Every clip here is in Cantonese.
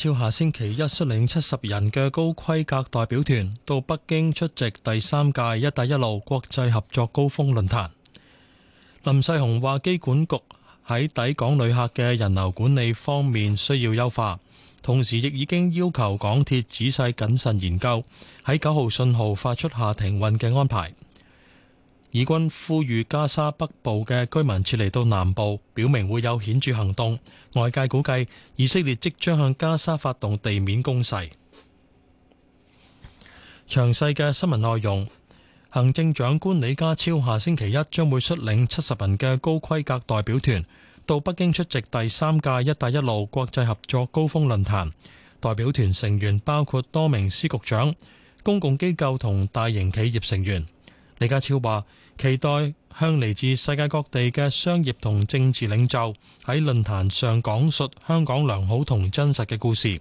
超下星期一率領七十人嘅高規格代表團到北京出席第三屆一帶一路國際合作高峰論壇。林世雄話：機管局喺抵港旅客嘅人流管理方面需要優化，同時亦已經要求港鐵仔細謹慎研究喺九號信號發出下停運嘅安排。以軍呼籲加沙北部嘅居民撤離到南部，表明會有顯著行動。外界估計，以色列即將向加沙發動地面攻勢。詳細嘅新聞內容，行政長官李家超下星期一將會率領七十人嘅高規格代表團到北京出席第三屆一帶一路國際合作高峰論壇。代表團成員包括多名司局長、公共機構同大型企業成員。李家超話期待向嚟自世界各地嘅商業同政治領袖喺論壇上講述香港良好同真實嘅故事。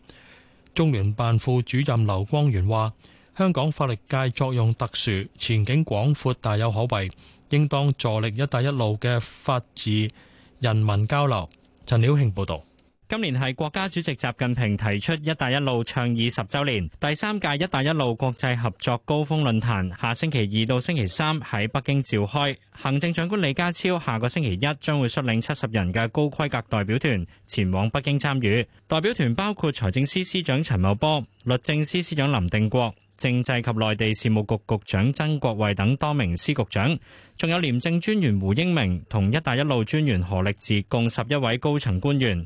中聯辦副主任劉光源話香港法律界作用特殊，前景廣闊，大有可為，應當助力一帶一路嘅法治、人民交流。陳曉慶報道。今年係國家主席習近平提出“一帶一路”倡議十周年，第三屆“一帶一路”國際合作高峰論壇下星期二到星期三喺北京召開。行政長官李家超下個星期一將會率領七十人嘅高規格代表團前往北京參與。代表團包括財政司司司長陳茂波、律政司司司長林定國、政制及內地事務局局局長曾國衛等多名司局長，仲有廉政專員胡英明同“一帶一路”專員何力智，共十一位高層官員。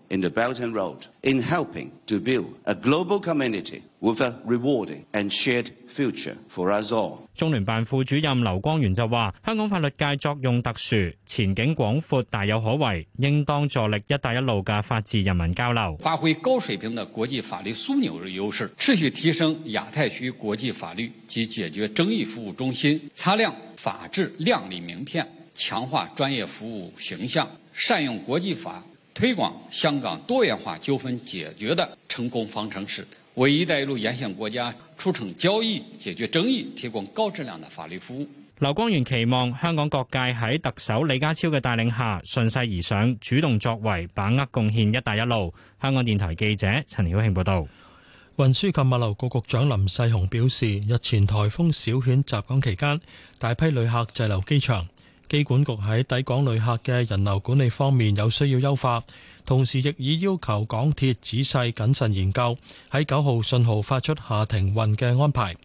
in the Belt and Road, in helping to build a global community with a rewarding and shared future for us all. 中聯辦副主任劉光源就話，香港法律界作用特殊，前景廣闊，大有可為，應當助力“一帶一路”嘅法治人民交流。發揮高水平嘅國際法律樞紐優勢，持續提升亞太區國際法律及解決爭議服務中心，擦亮法治亮麗名片，強化專業服務形象，善用國際法。推廣香港多元化糾紛解決的成功方程式，為一帶一路沿線國家促成交易、解決爭議，提供高質量的法律服務。劉光源期望香港各界喺特首李家超嘅帶領下順勢而上，主動作為，把握貢獻一帶一路。香港電台記者陳曉慶報道。運輸及物流局局長林世雄表示，日前颱風小犬襲港期間，大批旅客滯留機場。機管局喺抵港旅客嘅人流管理方面有需要優化，同時亦已要求港鐵仔細謹慎研究喺九號信號發出下停運嘅安排。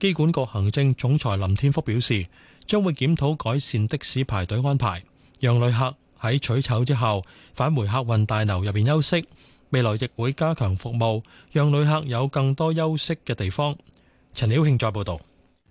機管局行政總裁林天福表示，將會檢討改善的士排隊安排，讓旅客喺取籌之後返回客運大樓入邊休息。未來亦會加強服務，讓旅客有更多休息嘅地方。陳曉慶再報道。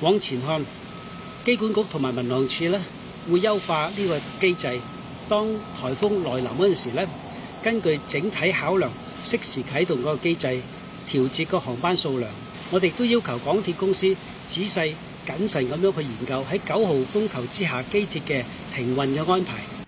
往前看機管局同埋民航處呢，會優化呢個機制，當颱風來臨嗰陣時呢，根據整體考量適時啟動嗰個機制，調節個航班數量。我哋都要求港鐵公司仔細謹慎咁樣去研究喺九號風球之下機鐵嘅停運嘅安排。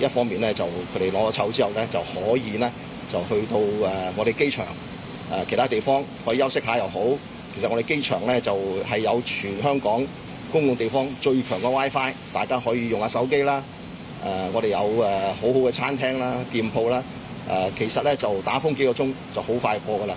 一方面咧就佢哋攞咗籌之後咧就可以咧就去到、呃、我哋機場誒、呃、其他地方可以休息下又好。其實我哋機場咧就係、是、有全香港公共地方最強嘅 WiFi，大家可以用下手機啦。呃、我哋有、呃、好好嘅餐廳啦、店鋪啦、呃。其實咧就打風幾個鐘就好快過噶啦。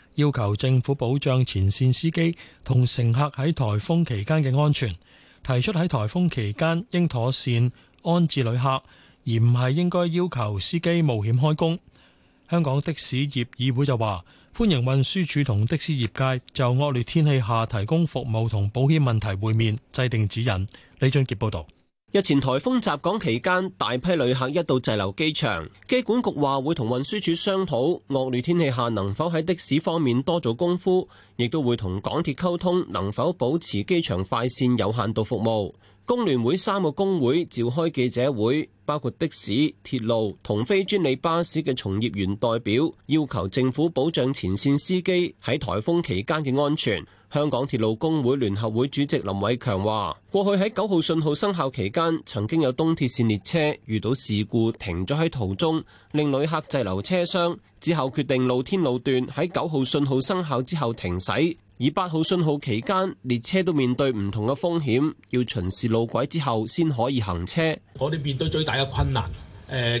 要求政府保障前線司機同乘客喺台風期間嘅安全，提出喺台風期間應妥善安置旅客，而唔係應該要求司機冒險開工。香港的士業議會就話歡迎運輸署同的士業界就惡劣天氣下提供服務同保險問題會面，制定指引。李俊傑報道。日前台風襲港期間大批旅客一度滯留機場，機管局話會同運輸署商討惡劣天氣下能否喺的士方面多做功夫，亦都會同港鐵溝通能否保持機場快線有限度服務。工聯會三個工會召開記者會，包括的士、鐵路同非專利巴士嘅從業員代表，要求政府保障前線司機喺台風期間嘅安全。香港鐵路工會聯合會主席林偉強話，過去喺九號信號生效期間，曾經有東鐵綫列車遇到事故停咗喺途中，令旅客滯留車廂。之後決定露天路段喺九號信號生效之後停駛。而八號信號期間，列車都面對唔同嘅風險，要巡視路軌之後先可以行車。我哋面對最大嘅困難，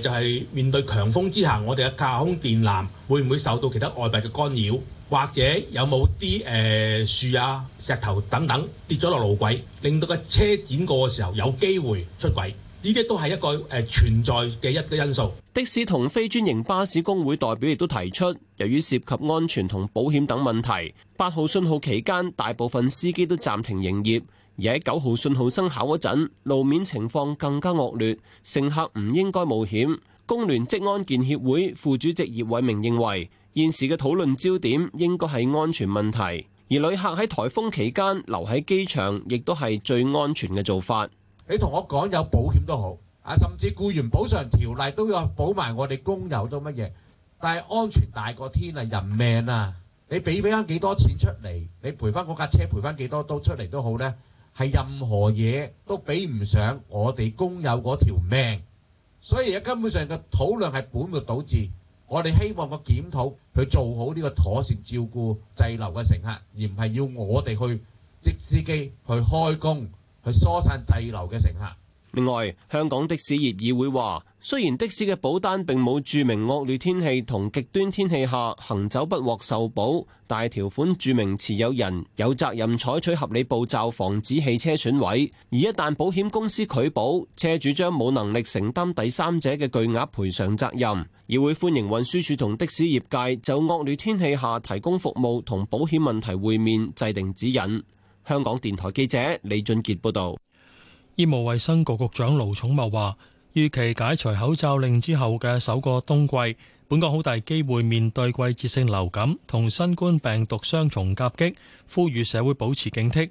就係面對強風之下，我哋嘅架空電纜會唔會受到其他外物嘅干擾，或者有冇啲誒樹啊、石頭等等跌咗落路軌，令到個車展過嘅時候有機會出軌，呢啲都係一個、呃、存在嘅一個因素。的士同非專營巴士工會代表亦都提出，由於涉及安全同保險等問題，八號信號期間大部分司機都暫停營業。而喺九號信號生效嗰陣，路面情況更加惡劣，乘客唔應該冒險。工聯職安健協會副主席葉偉明認為，現時嘅討論焦點應該係安全問題，而旅客喺颱風期間留喺機場，亦都係最安全嘅做法。你同我講有保險都好啊，甚至雇員補償條例都有保埋我哋工友都乜嘢，但係安全大過天啊！人命啊！你俾俾翻幾多錢出嚟，你賠翻嗰架車賠翻幾多都出嚟都好呢。係任何嘢都比唔上我哋工友嗰條命，所以而家根本上嘅討論係本末倒置。我哋希望個檢討去做好呢個妥善照顧滯留嘅乘客，而唔係要我哋去即司機去開工去疏散滯留嘅乘客。另外，香港的士業議會話，雖然的士嘅保單並冇注明惡劣天氣同極端天氣下行走不獲受保，但條款注明持有人有責任採取合理步驟防止汽車損毀，而一旦保險公司拒保，車主將冇能力承擔第三者嘅巨額賠償責任。議會歡迎運輸署同的士業界就惡劣天氣下提供服務同保險問題會面，制定指引。香港電台記者李俊杰報道。醫務衛生局局長盧寵茂話：預期解除口罩令之後嘅首個冬季，本港好大機會面對季節性流感同新冠病毒雙重夾擊，呼籲社會保持警惕。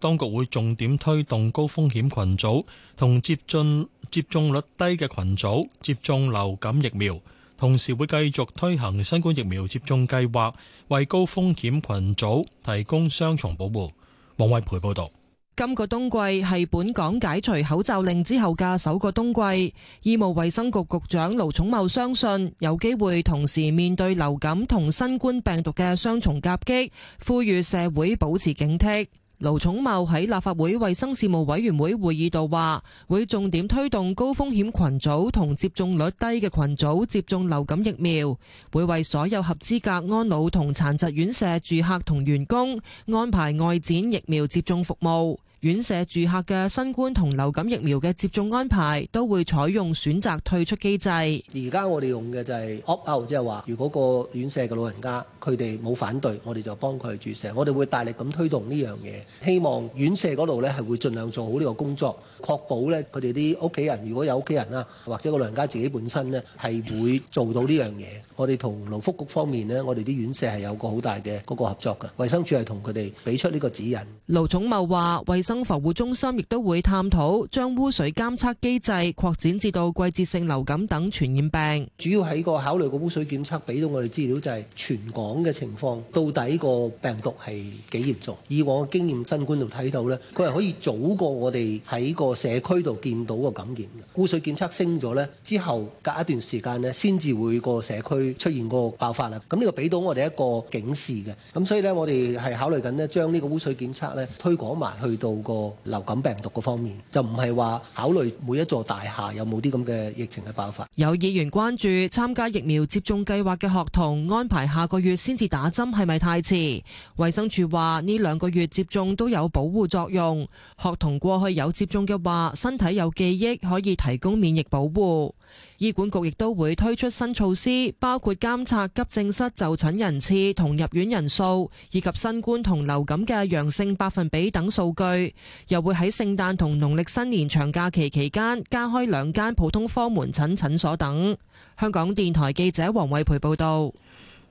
當局會重點推動高風險群組同接近接種率低嘅群組接種流感疫苗，同時會繼續推行新冠疫苗接種計劃，為高風險群組提供雙重保護。王偉培報道。今個冬季係本港解除口罩令之後嘅首個冬季。醫務衛生局局長盧寵茂相信有機會，同時面對流感同新冠病毒嘅雙重夾擊，呼籲社會保持警惕。盧寵茂喺立法會衛生事務委員會會議度話，會重點推動高風險群組同接種率低嘅群組接種流感疫苗，會為所有合資格安老同殘疾院舍住客同員工安排外展疫苗接種服務。院舍住客嘅新冠同流感疫苗嘅接種安排，都會採用選擇退出機制。而家我哋用嘅就係 opt-out，即係話，如果個院舍嘅老人家佢哋冇反對，我哋就幫佢注射。我哋會大力咁推動呢樣嘢，希望院舍嗰度咧係會盡量做好呢個工作，確保咧佢哋啲屋企人，如果有屋企人啦，或者個老人家自己本身咧係會做到呢樣嘢。我哋同勞福局方面咧，我哋啲院舍係有個好大嘅嗰個合作嘅。衛生署係同佢哋俾出呢個指引。盧寵茂話：衛生防護中心亦都會探討將污水監測機制擴展至到季節性流感等傳染病。主要喺個考慮，個污水檢測俾到我哋資料就係全港嘅情況，到底個病毒係幾嚴重？以往經驗新冠度睇到呢，佢係可以早過我哋喺個社區度見到，個感染污水檢測升咗呢，之後隔一段時間呢，先至會個社區出現個爆發啦。咁、這、呢個俾到我哋一個警示嘅，咁所以呢，我哋係考慮緊呢，將呢個污水檢測呢，推廣埋去到。個流感病毒個方面，就唔係話考慮每一座大廈有冇啲咁嘅疫情嘅爆發。有議員關注參加疫苗接種計劃嘅學童安排下個月先至打針係咪太遲，衛生署話呢兩個月接種都有保護作用，學童過去有接種嘅話，身體有記憶，可以提供免疫保護。醫管局亦都會推出新措施，包括監察急症室就診人次同入院人數，以及新冠同流感嘅陽性百分比等數據。又會喺聖誕同農曆新年長假期期間加開兩間普通科門診診所等。香港電台記者黃惠培報道。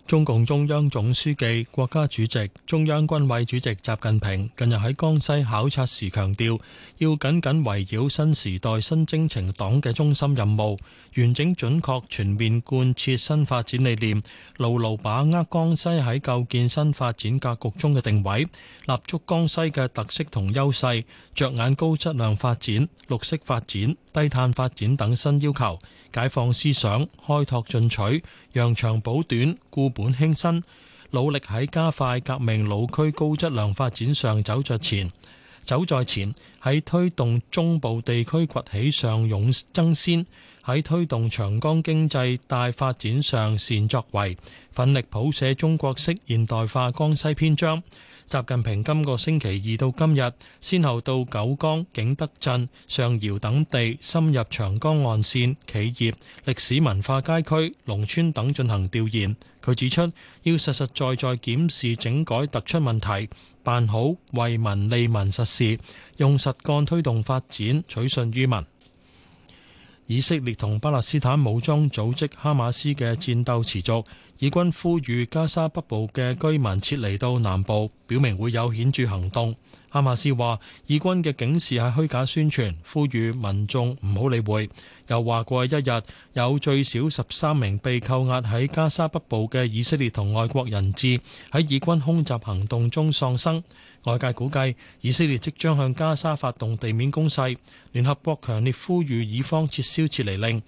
中共中央總書記、國家主席、中央軍委主席習近平近日喺江西考察時強調，要緊緊圍繞新時代新征程黨嘅中心任務，完整準確全面貫徹新發展理念，牢牢把握江西喺構建新發展格局中嘅定位，立足江西嘅特色同優勢，着眼高質量發展、綠色發展、低碳發展等新要求，解放思想，開拓進取。揚長補短、固本興新，努力喺加快革命老區高質量發展上走着前，走在前，喺推動中部地區崛起上勇爭先。喺推動長江經濟大發展上善作為，奮力譜寫中國式現代化江西篇章。習近平今個星期二到今日，先後到九江、景德鎮、上饒等地，深入長江岸線、企業、歷史文化街區、農村等進行調研。佢指出，要實實在在檢視整改突出問題，辦好為民利民實事，用實幹推動發展，取信於民。以色列同巴勒斯坦武裝組織哈馬斯嘅戰鬥持續，以軍呼籲加沙北部嘅居民撤離到南部，表明會有顯著行動。哈馬斯話，以軍嘅警示係虛假宣傳，呼籲民眾唔好理會。又話過一日，有最少十三名被扣押喺加沙北部嘅以色列同外國人質喺以軍空襲行動中喪生。外界估計以色列即將向加沙發動地面攻勢，聯合國強烈呼籲以方撤銷撤離令，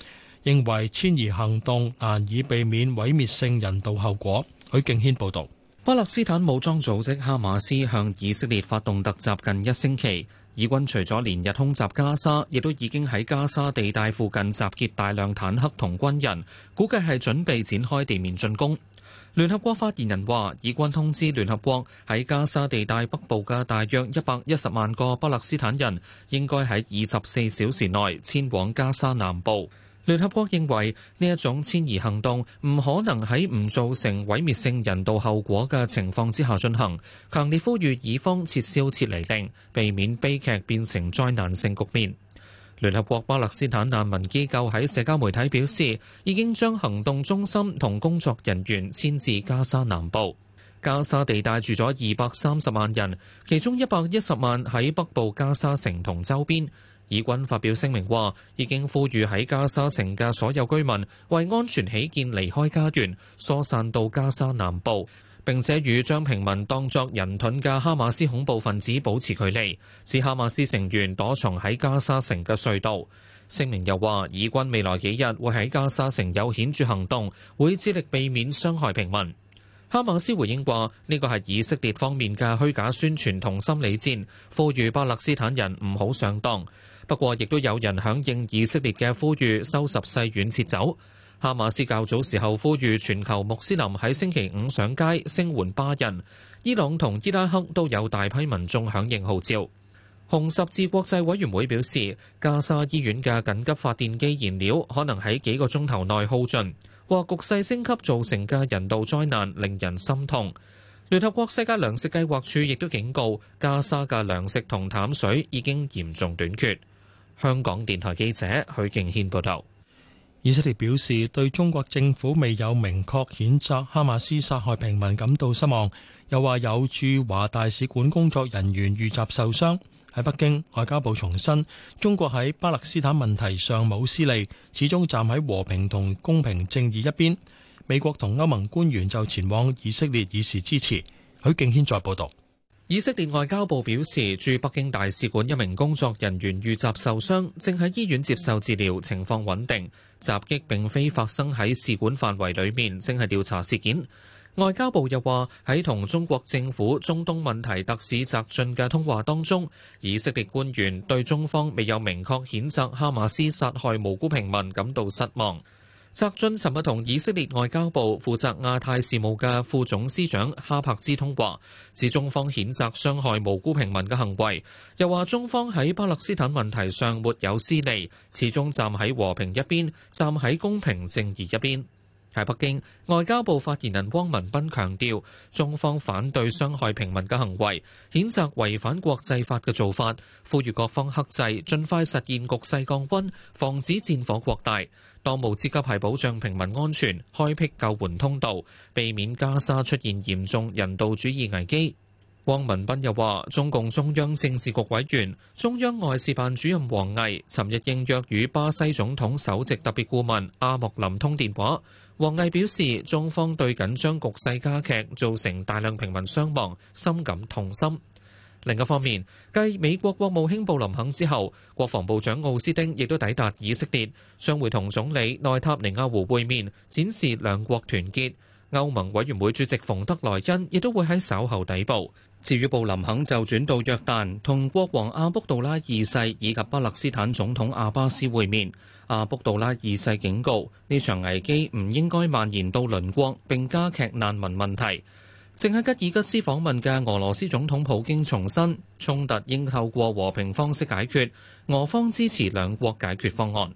認為遷移行動難以避免毀滅性人道後果。許敬軒報道，巴勒斯坦武裝組織哈馬斯向以色列發動突襲近一星期，以軍除咗連日空襲加沙，亦都已經喺加沙地帶附近集結大量坦克同軍人，估計係準備展開地面進攻。聯合國發言人話：以軍通知聯合國喺加沙地帶北部嘅大約一百一十萬個巴勒斯坦人，應該喺二十四小時內遷往加沙南部。聯合國認為呢一種遷移行動唔可能喺唔造成毀滅性人道後果嘅情況之下進行，強烈呼籲以方撤銷撤離令，避免悲劇變成災難性局面。聯合國巴勒斯坦難民機構喺社交媒體表示，已經將行動中心同工作人員遷至加沙南部。加沙地帶住咗二百三十萬人，其中一百一十萬喺北部加沙城同周邊。以軍發表聲明話，已經呼籲喺加沙城嘅所有居民為安全起見離開家園，疏散到加沙南部。並且與將平民當作人盾嘅哈馬斯恐怖分子保持距離，指哈馬斯成員躲藏喺加沙城嘅隧道。聲明又話，以軍未來幾日會喺加沙城有顯著行動，會致力避免傷害平民。哈馬斯回應話：呢個係以色列方面嘅虛假宣傳同心理戰，呼籲巴勒斯坦人唔好上當。不過，亦都有人響應以色列嘅呼籲，收拾細軟撤走。哈馬斯較早時候呼籲全球穆斯林喺星期五上街聲援巴人。伊朗同伊拉克都有大批民眾響應號召。紅十字國際委員會表示，加沙醫院嘅緊急發電機燃料可能喺幾個鐘頭內耗盡，話局勢升級造成嘅人道災難令人心痛。聯合國世界糧食計劃處亦都警告，加沙嘅糧食同淡水已經嚴重短缺。香港電台記者許敬軒報道。以色列表示對中國政府未有明確譴責哈馬斯殺害平民感到失望，又話有駐華大使館工作人員遇襲受傷，喺北京，外交部重申中國喺巴勒斯坦問題上冇私利，始終站喺和平同公平正義一邊。美國同歐盟官員就前往以色列以示支持。許敬軒再報道。以色列外交部表示，駐北京大使館一名工作人員遇襲受傷，正喺醫院接受治療，情況穩定。襲擊並非發生喺使館範圍裏面，正係調查事件。外交部又話喺同中國政府中東問題特使翟雋嘅通話當中，以色列官員對中方未有明確譴責哈馬斯殺害無辜平民感到失望。澤俊尋日同以色列外交部負責亞太事務嘅副總司長哈柏之通話，指中方譴責傷害無辜平民嘅行為，又話中方喺巴勒斯坦問題上沒有私利，始終站喺和平一邊，站喺公平正義一邊。喺北京，外交部發言人汪文斌強調，中方反對傷害平民嘅行為，譴責違反國際法嘅做法，呼籲各方克制，盡快實現局勢降溫，防止戰火擴大。當務之急係保障平民安全，開闢救援通道，避免加沙出現嚴重人道主義危機。汪文斌又話：中共中央政治局委員、中央外事辦主任王毅，尋日應約與巴西總統首席特別顧問阿莫林通電話。王毅表示，中方對緊張局勢加劇造成大量平民傷亡，深感痛心。另一方面，繼美國國務卿布林肯之後，國防部長奧斯汀亦都抵達以色列，將會同總理內塔尼亞胡會面，展示兩國團結。歐盟委員會主席馮德萊恩亦都會喺稍後抵步。至於布林肯就轉到約旦，同國王阿卜杜拉二世以及巴勒斯坦總統阿巴斯會面。阿卜杜拉二世警告，呢場危機唔應該蔓延到鄰國，並加劇難民問題。正喺吉爾吉斯訪問嘅俄羅斯總統普京重申，衝突應透過和平方式解決，俄方支持兩國解決方案。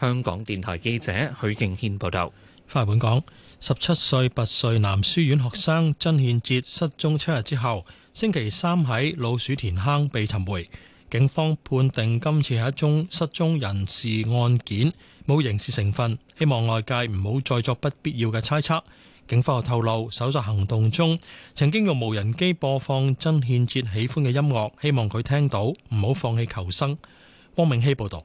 香港電台記者許敬軒報道。翻嚟本港，十七歲拔萃男書院學生曾憲哲失蹤七日之後，星期三喺老鼠田坑被尋回，警方判定今次係一宗失蹤人士案件，冇刑事成分，希望外界唔好再作不必要嘅猜測。警方又透露，搜索行動中曾經用無人機播放曾憲哲喜歡嘅音樂，希望佢聽到唔好放棄求生。汪明希報道。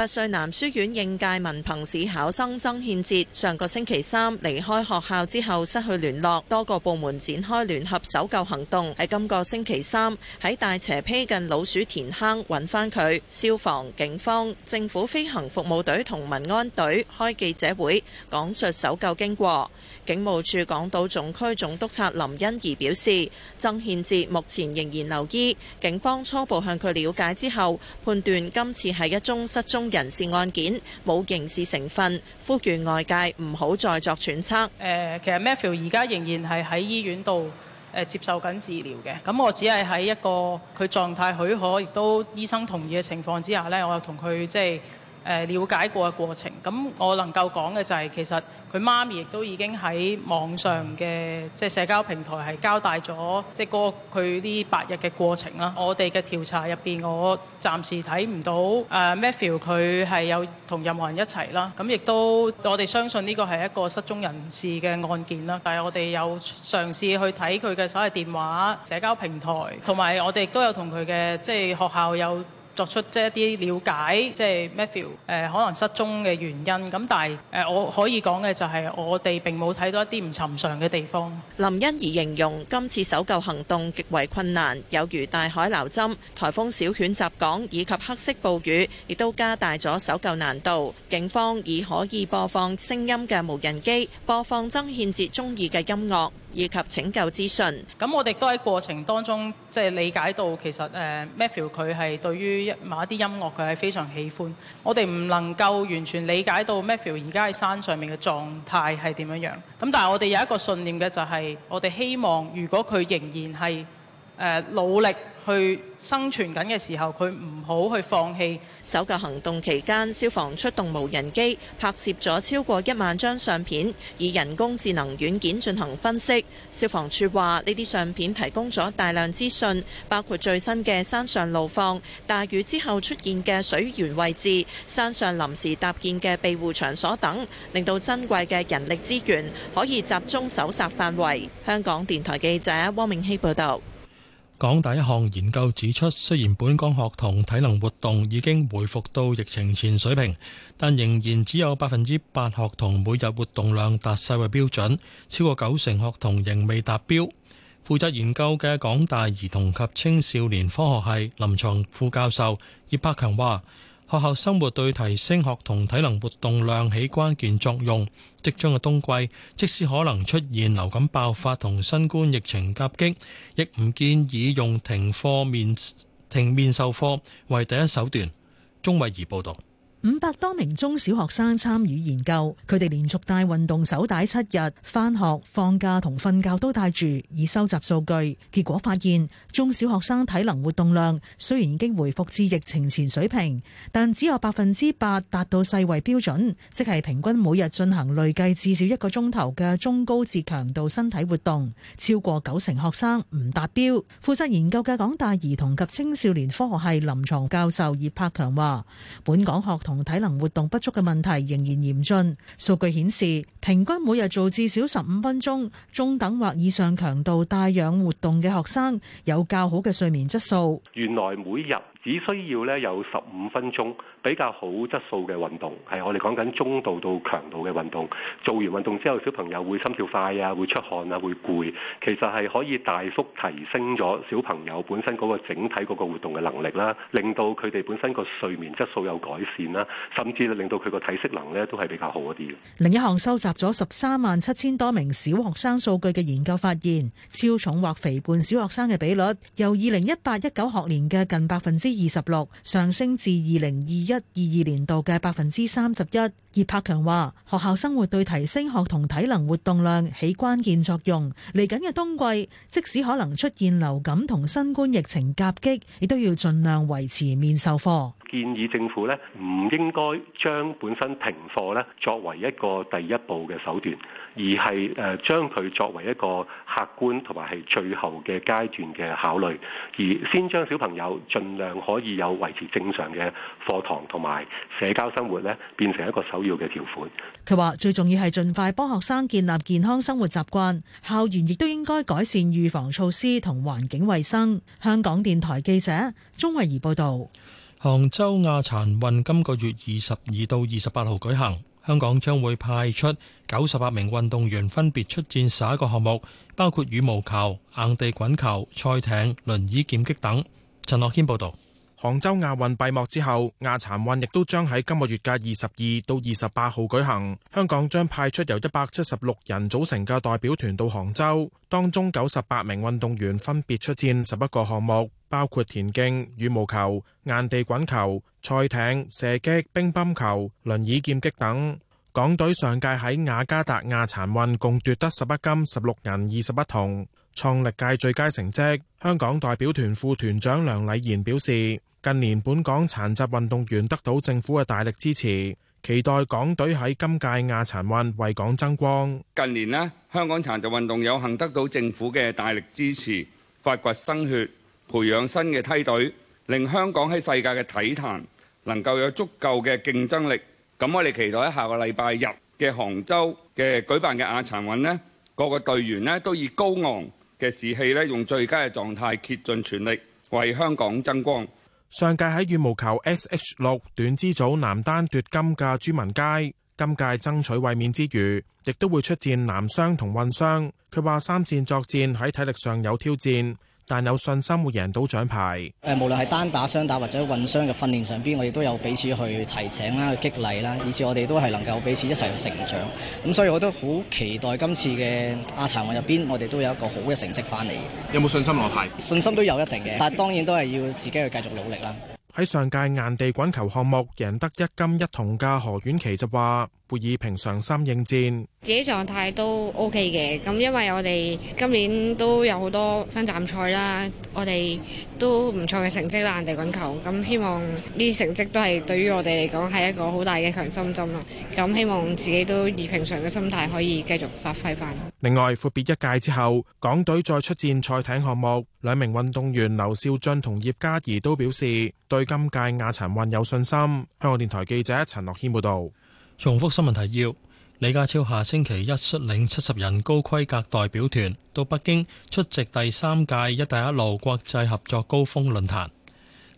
八歲南書院應屆文憑試考生曾憲哲，上個星期三離開學校之後失去聯絡，多個部門展開聯合搜救行動。喺今個星期三喺大斜坡近老鼠田坑揾翻佢。消防、警方、政府飛行服務隊同民安隊開記者會，講述搜救經過。警務處港島總區總督察林欣儀表示，曾憲哲目前仍然留醫，警方初步向佢了解之後，判斷今次係一宗失蹤。人事案件，冇刑事成分，呼籲外界唔好再作揣測。誒，其實 Matthew 而家仍然係喺醫院度誒接受緊治療嘅。咁我只係喺一個佢狀態許可，亦都醫生同意嘅情況之下呢，我又同佢即係。誒了解過嘅過程，咁我能夠講嘅就係、是、其實佢媽咪亦都已經喺網上嘅即係社交平台係交代咗即係過佢呢八日嘅過程啦。我哋嘅調查入面我暫，我暫時睇唔到誒 Matthew 佢係有同任何人一齊啦。咁亦都我哋相信呢個係一個失蹤人士嘅案件啦。但、就、係、是、我哋有嘗試去睇佢嘅手提電話、社交平台，同埋我哋亦都有同佢嘅即係學校有。作出即係一啲了解，即係 Matthew 誒可能失蹤嘅原因咁，但係誒我可以講嘅就係我哋並冇睇到一啲唔尋常嘅地方。林欣怡形容今次搜救行動極為困難，有如大海撈針、台風小犬襲港以及黑色暴雨，亦都加大咗搜救難度。警方已可以播放聲音嘅無人機播放曾憲哲中意嘅音樂，以及拯救資訊。咁我哋都喺過程當中，即係理解到其實誒 Matthew 佢係對於某一啲音樂佢係非常喜歡。我哋唔能夠完全理解到 Matthew 而家喺山上面嘅狀態係點樣樣。咁但係我哋有一個信念嘅就係，我哋希望如果佢仍然係，誒努力去生存緊嘅時候，佢唔好去放棄搜救行動期間，消防出動無人機拍攝咗超過一萬張相片，以人工智能軟件進行分析。消防處話呢啲相片提供咗大量資訊，包括最新嘅山上路況、大雨之後出現嘅水源位置、山上臨時搭建嘅庇護場所等，令到珍貴嘅人力資源可以集中搜索範圍。香港電台記者汪明希報道。港大一項研究指出，雖然本港學童體能活動已經回復到疫情前水平，但仍然只有百分之八學童每日活動量達世衞標準，超過九成學童仍未達標。負責研究嘅港大兒童及青少年科學系臨床副教授葉柏強話。學校生活對提升學童體能活動量起關鍵作用。即將嘅冬季，即使可能出現流感爆發同新冠疫情夾擊，亦唔建議用停課面停面授課為第一手段。鍾慧儀報道。五百多名中小學生參與研究，佢哋連續帶運動手帶七日，返學、放假同瞓覺都帶住，以收集數據。結果發現，中小學生體能活動量雖然已經回復至疫情前水平，但只有百分之八達到世衛標準，即係平均每日進行累計至少一個鐘頭嘅中高至強度身體活動。超過九成學生唔達標。負責研究嘅港大兒童及青少年科學系臨床教授葉柏強話：本港學同體能活動不足嘅問題仍然嚴峻。數據顯示，平均每日做至少十五分鐘中等或以上強度帶氧活動嘅學生，有較好嘅睡眠質素。原來每日只需要呢有十五分鐘。比較好質素嘅運動，係我哋講緊中度到強度嘅運動。做完運動之後小朋友會心跳快啊，會出汗啊，會攰。其實係可以大幅提升咗小朋友本身嗰個整體嗰個活動嘅能力啦，令到佢哋本身個睡眠質素有改善啦，甚至令到佢個體適能咧都係比較好一啲。另一項收集咗十三萬七千多名小學生數據嘅研究發現，超重或肥胖小學生嘅比率由二零一八一九學年嘅近百分之二十六上升至二零二一一二二年度嘅百分之三十一。葉柏強話：學校生活對提升學童體能活動量起關鍵作用。嚟緊嘅冬季，即使可能出現流感同新冠疫情夾擊，亦都要盡量維持面授課。建議政府咧唔應該將本身停課咧作為一個第一步嘅手段，而係誒將佢作為一個客觀同埋係最後嘅階段嘅考慮，而先將小朋友盡量可以有維持正常嘅課堂。同埋社交生活呢，變成一個首要嘅條款。佢話最重要係盡快幫學生建立健康生活習慣，校園亦都應該改善預防措施同環境衛生。香港電台記者鍾慧儀報道。杭州亞殘運今個月二十二到二十八號舉行，香港將會派出九十八名運動員分別出戰十一個項目，包括羽毛球、硬地滾球、賽艇、輪椅劍擊等。陳樂謙報道。杭州亞運閉幕之後，亞殘運亦都將喺今個月嘅二十二到二十八號舉行。香港將派出由一百七十六人組成嘅代表團到杭州，當中九十八名運動員分別出戰十一個項目，包括田徑、羽毛球、硬地滾球、賽艇、射擊、乒乓球、輪椅劍擊等。港隊上屆喺雅加達亞殘運共奪得十一金、十六銀、二十一銅，創歷屆最佳成績。香港代表團副團長梁禮賢表示。近年，本港殘疾運動員得到政府嘅大力支持，期待港隊喺今屆亞殘運為港爭光。近年咧，香港殘疾運動有幸得到政府嘅大力支持，發掘新血，培養新嘅梯隊，令香港喺世界嘅體壇能夠有足夠嘅競爭力。咁我哋期待喺下個禮拜日嘅杭州嘅舉辦嘅亞殘運呢，各個隊員咧，都以高昂嘅士氣咧，用最佳嘅狀態竭盡全力，為香港爭光。上屆喺羽毛球 S.H. 六短之組男單奪金嘅朱文佳，今屆爭取衛冕之餘，亦都會出戰男雙同混雙。佢話三線作戰喺體力上有挑戰。但有信心會贏到獎牌。誒，無論係單打、雙打或者混雙嘅訓練上邊，我哋都有彼此去提醒啦、去激勵啦，以至我哋都係能夠彼此一齊去成長。咁所以，我都好期待今次嘅亞殘運入邊，我哋都有一個好嘅成績翻嚟。有冇信心攞牌？信心都有一定嘅，但係當然都係要自己去繼續努力啦。喺上屆硬地滾球項目贏得一金一銅嘅何婉琪就話。會以平常心應戰，自己狀態都 O K 嘅。咁，因為我哋今年都有好多分站賽啦，我哋都唔錯嘅成績啦。地滾球咁，希望呢啲成績都係對於我哋嚟講係一個好大嘅強心針咯。咁，希望自己都以平常嘅心態可以繼續發揮翻。另外，闊別一屆之後，港隊再出戰賽艇項目，兩名運動員劉少俊同葉嘉怡都表示對今屆亞殘運有信心。香港電台記者陳樂謙報道。重複新聞提要：李家超下星期一率領七十人高規格代表團到北京出席第三屆一帶一路國際合作高峰論壇。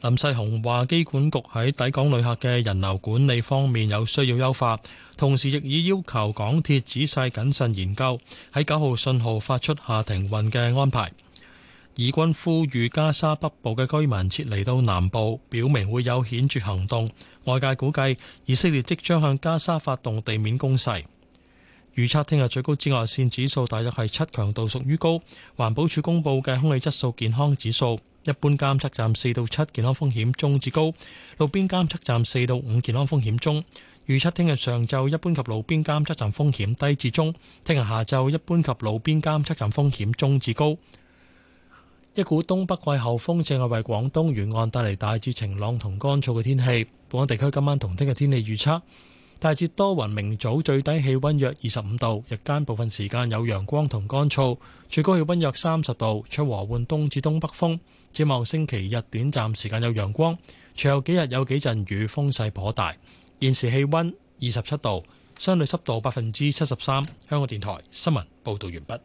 林世雄話：機管局喺抵港旅客嘅人流管理方面有需要優化，同時亦已要求港鐵仔細謹慎研究喺九號信號發出下停運嘅安排。以軍呼籲加沙北部嘅居民撤離到南部，表明會有顯著行動。外界估計以色列即將向加沙發動地面攻勢。預測聽日最高紫外線指數大約係七，強度屬於高。環保署公布嘅空氣質素健康指數，一般監測站四到七，健康風險中至高；路邊監測站四到五，健康風險中。預測聽日上晝一般及路邊監測站風險低至中，聽日下晝一般及路邊監測站風險中至高。一股東北季候風正係為廣東沿岸帶嚟大致晴朗同乾燥嘅天氣，本港地區今晚同聽日天氣預測大致多雲，明早最低氣溫約二十五度，日間部分時間有陽光同乾燥，最高氣溫約三十度，吹和緩東至東北風。展望星期日短暫時間有陽光，隨後幾日有幾陣雨，風勢頗大。現時氣溫二十七度，相對濕度百分之七十三。香港電台新聞報道完畢。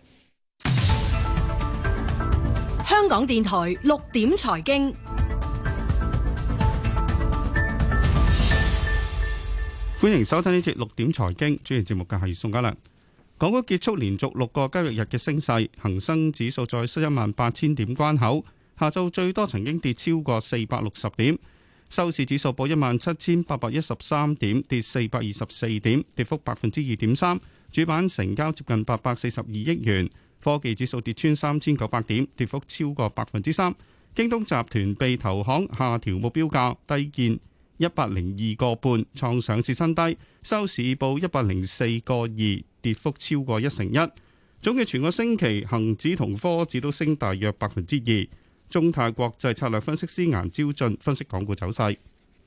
香港電台六點財經，歡迎收聽呢節六點財經，主持節目嘅係宋家良。港股結束連續六個交易日嘅升勢，恒生指數再失一萬八千點關口，下晝最多曾經跌超過四百六十點，收市指數報一萬七千八百一十三點，跌四百二十四點，跌幅百分之二點三，主板成交接近八百四十二億元。科技指數跌穿三千九百點，跌幅超過百分之三。京東集團被投行下調目標價，低見一百零二個半，創上市新低，收市報一百零四個二，跌幅超過一成一。總結全個星期，恒指同科指都升大約百分之二。中泰國際策略分析師顏招俊分析港股走勢。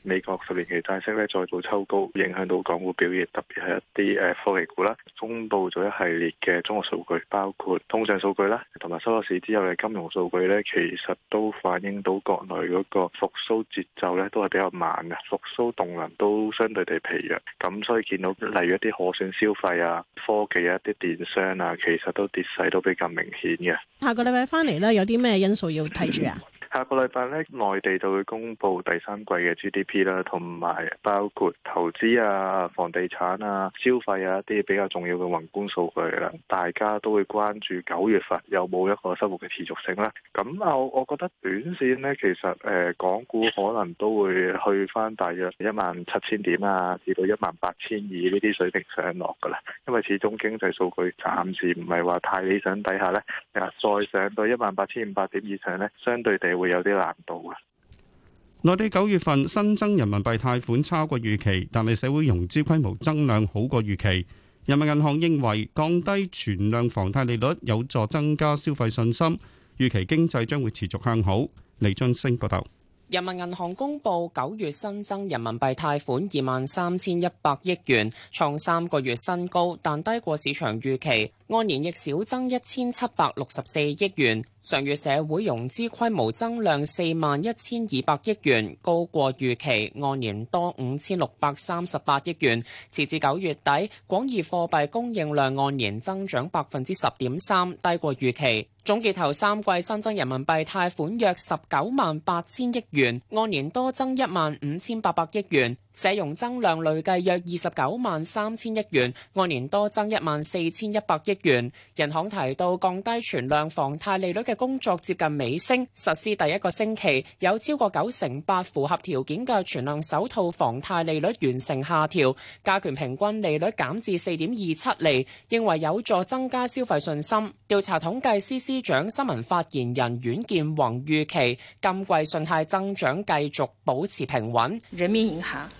美國十年期債息咧再度抽高，影響到港股表現，特別係一啲誒科技股啦。公布咗一系列嘅中國數據，包括通脹數據啦，同埋收咗市之後嘅金融數據咧，其實都反映到國內嗰個復甦節奏咧都係比較慢嘅，復甦動能都相對地疲弱。咁所以見到例如一啲可選消費啊、科技啊、一啲電商啊，其實都跌勢都比較明顯嘅。下個禮拜翻嚟咧，有啲咩因素要睇住啊？ 下個禮拜咧，內地就會公布第三季嘅 GDP 啦，同埋包括投資啊、房地產啊、消費啊一啲比較重要嘅宏觀數據啦，大家都會關注九月份有冇一個收復嘅持續性啦。咁我我覺得短綫咧，其實誒、呃，港股可能都會去翻大約一萬七千點啊，至到一萬八千二呢啲水平上落噶啦，因為始終經濟數據暫時唔係話太理想底下咧，啊，再上到一萬八千五百點以上咧，相對地。會有啲難度啊。內地九月份新增人民幣貸款超過預期，但係社會融資規模增量好過預期。人民銀行認為降低存量房貸利率有助增加消費信心，預期經濟將會持續向好。李俊升報道。人民銀行公布九月新增人民幣貸款二萬三千一百億元，創三個月新高，但低過市場預期，按年亦少增一千七百六十四億元。上月社會融資規模增量四萬一千二百億元，高過預期，按年多五千六百三十八億元。截至九月底，廣義貨幣供應量按年增長百分之十點三，低過預期。總結頭三季新增人民幣貸款約十九萬八千億元，按年多增一萬五千八百億元。社融增量累計約二十九萬三千億元，按年多增一萬四千一百億元。人行提到降低存量房貸利率嘅工作接近尾聲，實施第一個星期有超過九成八符合條件嘅存量首套房貸利率完成下調，加權平均利率減至四點二七厘，認為有助增加消費信心。調查統計司司長、新聞發言人阮健弘預期今季信貸增長繼續保持平穩。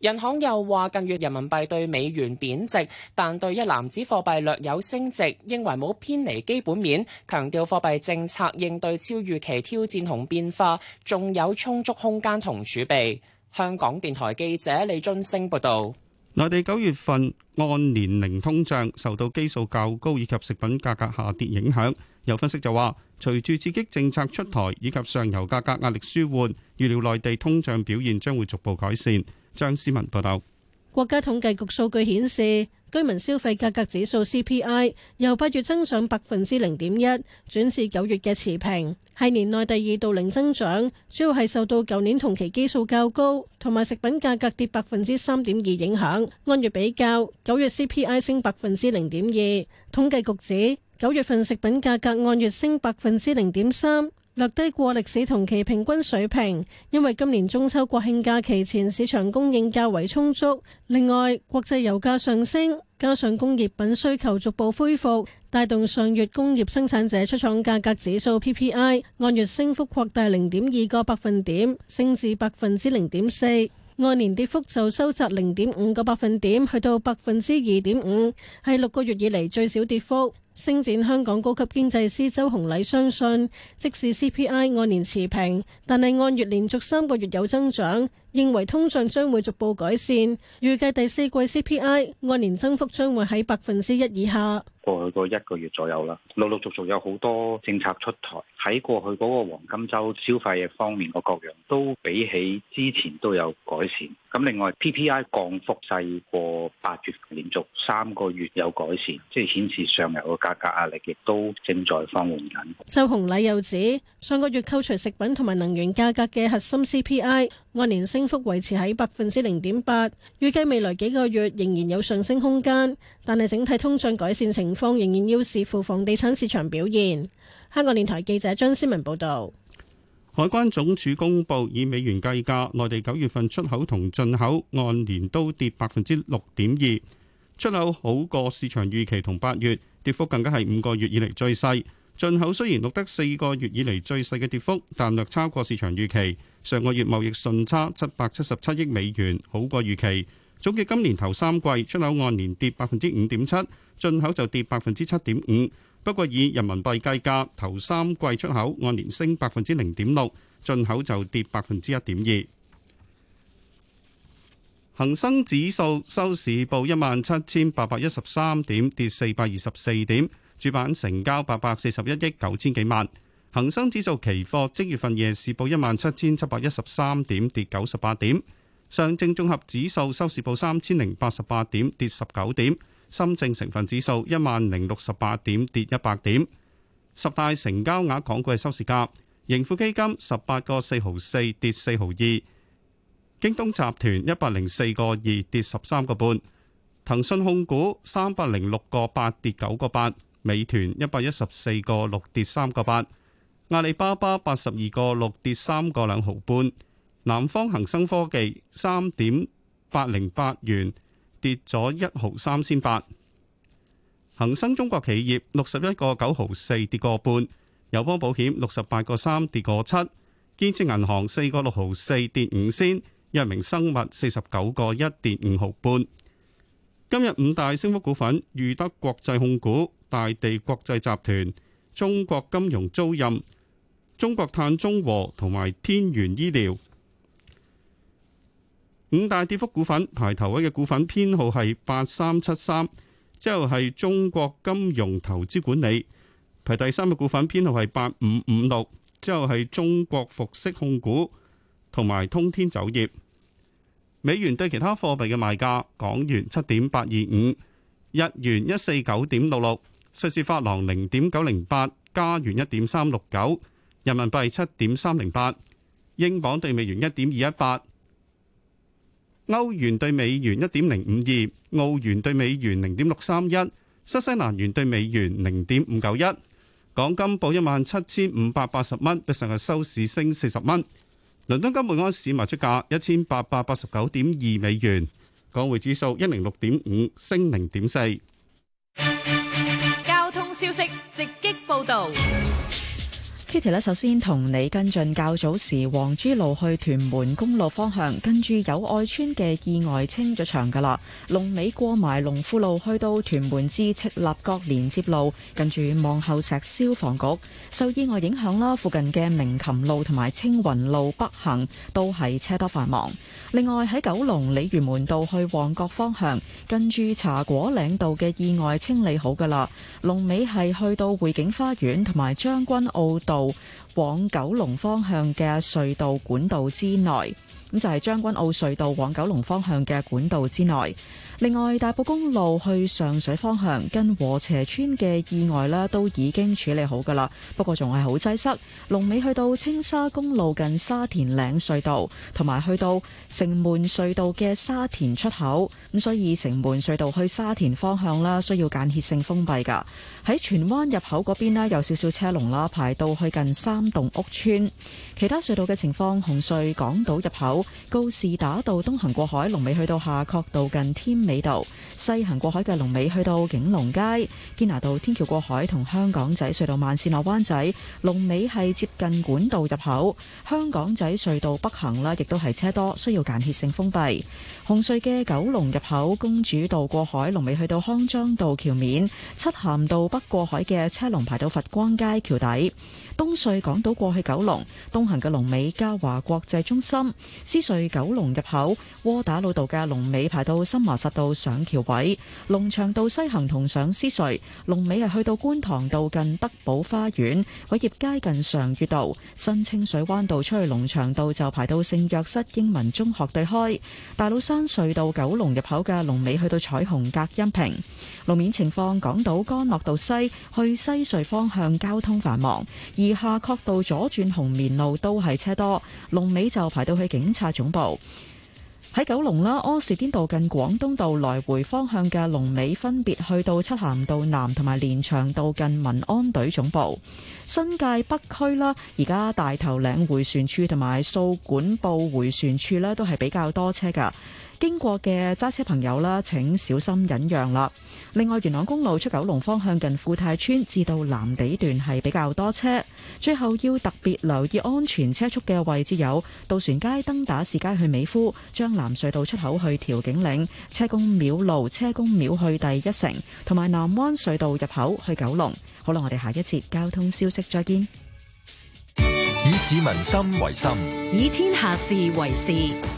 人行又話，近月人民幣對美元貶值，但對一籃子貨幣略有升值，認為冇偏離基本面。強調貨幣政策應對超預期挑戰同變化，仲有充足空間同儲備。香港電台記者李津升報道。內地九月份按年零通脹，受到基數較高以及食品價格下跌影響。有分析就話，隨住刺激政策出台以及上游價格壓力舒緩，預料內地通脹表現將會逐步改善。張思文報道，國家統計局數據顯示，居民消費價格指數 CPI 由八月增長百分之零點一，轉至九月嘅持平，係年內第二度零增長。主要係受到舊年同期基數較高，同埋食品價格跌百分之三點二影響。按月比較，九月 CPI 升百分之零點二。統計局指，九月份食品價格按月升百分之零點三。略低過歷史同期平均水平，因為今年中秋國慶假期前市場供應較為充足。另外，國際油價上升，加上工業品需求逐步恢復，帶動上月工業生產者出廠價格指數 PPI 按月升幅擴大零點二個百分點，升至百分之零點四。按年跌幅就收窄零點五個百分點，去到百分之二點五，係六個月以嚟最少跌幅。星展香港高級經濟師周鴻禮相信，即使 CPI 按年持平，但係按月連續三個月有增長，認為通脹將會逐步改善。預計第四季 CPI 按年增幅將會喺百分之一以下。過去嗰一個月左右啦，陸陸續續有好多政策出台，喺過去嗰個黃金周消費嘅方面個各樣都比起之前都有改善。咁另外 PPI 降幅細過八月，連續三個月有改善，即係顯示上游嘅價格壓力亦都正在放緩緊。周鴻禮又指，上個月扣除食品同埋能源價格嘅核心 CPI 按年升幅維持喺百分之零點八，預計未來幾個月仍然有上升空間，但係整體通脹改善情況仍然要視乎房地產市場表現。香港電台記者張思文報道。海關總署公布，以美元計價，內地九月份出口同進口按年都跌百分之六點二，出口好過市場預期同八月，跌幅更加係五個月以嚟最細；進口雖然錄得四個月以嚟最細嘅跌幅，但略超過市場預期。上個月貿易順差七百七十七億美元，好過預期。總結今年頭三季，出口按年跌百分之五點七，進口就跌百分之七點五。不過以人民幣計價，頭三季出口按年升百分之零點六，進口就跌百分之一點二。恒生指數收市報一萬七千八百一十三點，跌四百二十四點。主板成交八百四十一億九千幾萬。恒生指數期貨即月份夜市報一萬七千七百一十三點，跌九十八點。上證綜合指數收市報三千零八十八點，跌十九點。深證成分指數一萬零六十八點跌一百點，十大成交額港股嘅收市價，盈富基金十八個四毫四跌四毫二，京東集團一百零四個二跌十三個半，騰訊控股三百零六個八跌九個八，美團一百一十四個六跌三個八，阿里巴巴八十二個六跌三個兩毫半，南方恒生科技三點八零八元。跌咗一毫三千八，恒生中國企業六十一個九毫四跌個半，友邦保險六十八個三跌個七，建設銀行四個六毫四跌五仙，一鳴生物四十九個一跌五毫半。今日五大升幅股份：裕德國際控股、大地國際集團、中國金融租賃、中國碳中和同埋天元醫療。五大跌幅股份，排頭位嘅股份編號係八三七三，之後係中國金融投資管理，排第三嘅股份編號係八五五六，之後係中國服飾控股同埋通天酒業。美元對其他貨幣嘅賣價，港元七點八二五，日元一四九點六六，瑞士法郎零點九零八，加元一點三六九，人民幣七點三零八，英鎊對美元一點二一八。歐元對美元一點零五二，澳元對美元零點六三一，新西蘭元對美元零點五九一。港金報一萬七千五百八十蚊，比上日收市升四十蚊。倫敦金每安士賣出價一千八百八十九點二美元，港匯指數一零六點五升零點四。交通消息直擊報道。Kitty 咧，Katie, 首先同你跟進較早時，黃珠路去屯門公路方向，跟住友愛邨嘅意外清咗場㗎啦。龍尾過埋龍富路去到屯門至赤鱲角連接路，跟住望後石消防局受意外影響啦。附近嘅鳴琴路同埋青雲路北行都係車多繁忙。另外喺九龍鯉魚門道去旺角方向，跟住茶果嶺道嘅意外清理好㗎啦。龍尾係去到匯景花園同埋將軍澳道。往九龍方向嘅隧道管道之內，咁就係將軍澳隧道往九龍方向嘅管道之內。另外，大埔公路去上水方向跟和斜村嘅意外啦，都已經處理好噶啦不過仲係好擠塞，龍尾去到青沙公路近沙田嶺隧道，同埋去到城門隧道嘅沙田出口。咁所以城門隧道去沙田方向啦，需要間歇性封閉噶。喺荃灣入口嗰邊呢，有少少車龍啦，排到去近三棟屋村。其他隧道嘅情況，紅隧港島入口、告士打道東行過海，龍尾去到夏慤道近添美道；西行過海嘅龍尾去到景隆街、堅拿道天橋過海同香港仔隧道慢線落灣仔，龍尾係接近管道入口。香港仔隧道北行啦，亦都係車多，需要間歇性封閉。紅隧嘅九龍入口公主道過海，龍尾去到康莊道橋面、漆咸道北。北過海嘅車龍排到佛光街橋底，東隧港島過去九龍東行嘅龍尾嘉華國際中心，獅隧九龍入口窩打老道嘅龍尾排到深華實道上橋位，龍翔道西行同上獅隧龍尾係去到觀塘道近德寶花園，偉業街近上月道，新清水灣道出去龍翔道就排到聖約瑟英文中學對開，大老山隧道九龍入口嘅龍尾去到彩虹隔音屏。路面情況，港島干諾道西去西隧方向交通繁忙，而夏愨道左轉紅棉路都係車多，龍尾就排到去警察總部。喺九龍啦，柯士甸道近廣東道來回方向嘅龍尾分別去到漆咸道南同埋連翔道近民安隊總部。新界北區啦，而家大頭嶺迴旋處同埋掃管埔迴旋處呢，都係比較多車㗎。經過嘅揸車朋友啦，請小心忍讓啦。另外，元朗公路出九龍方向近富泰村至到南地段係比較多車。最後要特別留意安全車速嘅位置有渡船街、登打士街去美孚、將南隧道出口去調景嶺、車公廟路、車公廟去第一城，同埋南灣隧道入口去九龍。好啦，我哋下一節交通消息再見。以市民心為心，以天下事為事。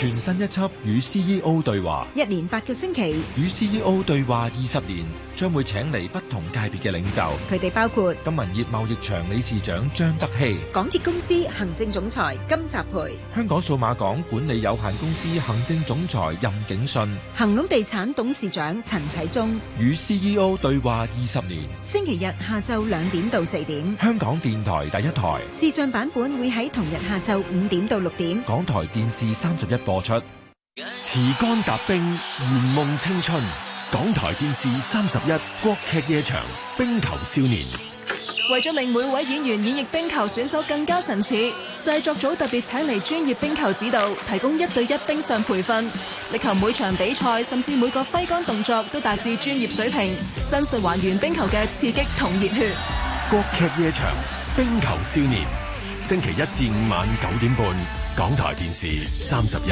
全新一輯與 CEO 對話，一連八個星期與 CEO 對話二十年，將會請嚟不同界別嘅領袖，佢哋包括金銀業貿易場理事長張德熙、港鐵公司行政總裁金澤培、香港數碼港管理有限公司行政總裁任景信、恒隆地產董事長陳啟宗。與 CEO 對話二十年，星期日下晝兩點到四點，香港電台第一台視像版本會喺同日下晝五點到六點，港台電視三十一播出持竿踏冰，圓夢青春。港台電視三十一國劇夜場《冰球少年》。為咗令每位演員演繹冰球選手更加神似，製、就是、作組特別請嚟專業冰球指導，提供一對一冰上培訓，力求每場比賽甚至每個揮杆動作都達至專業水平，真實還原冰球嘅刺激同熱血。國劇夜場《冰球少年》。星期一至五晚九點半，港台電視三十一。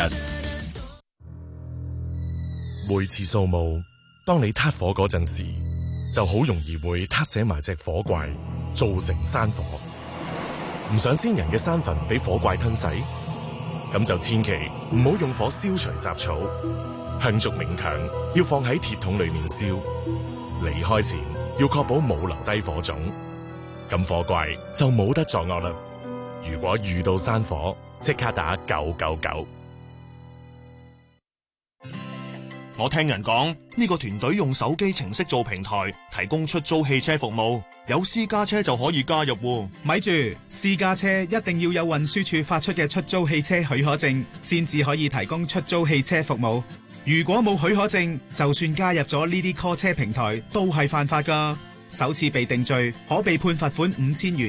每次掃墓，當你撻火嗰陣時，就好容易會撻死埋隻火怪，造成山火。唔想先人嘅山墳俾火怪吞噬，咁就千祈唔好用火燒除雜草。香燭冥鏹要放喺鐵桶裏面燒，離開前要確保冇留低火種，咁火怪就冇得作惡啦。如果遇到山火，即刻打九九九。我聽人講呢個團隊用手機程式做平台，提供出租汽車服務，有私家車就可以加入。咪住，私家車一定要有運輸署發出嘅出租汽車許可證，先至可以提供出租汽車服務。如果冇許可證，就算加入咗呢啲 call 車平台，都係犯法噶。首次被定罪，可被判罰款五千元。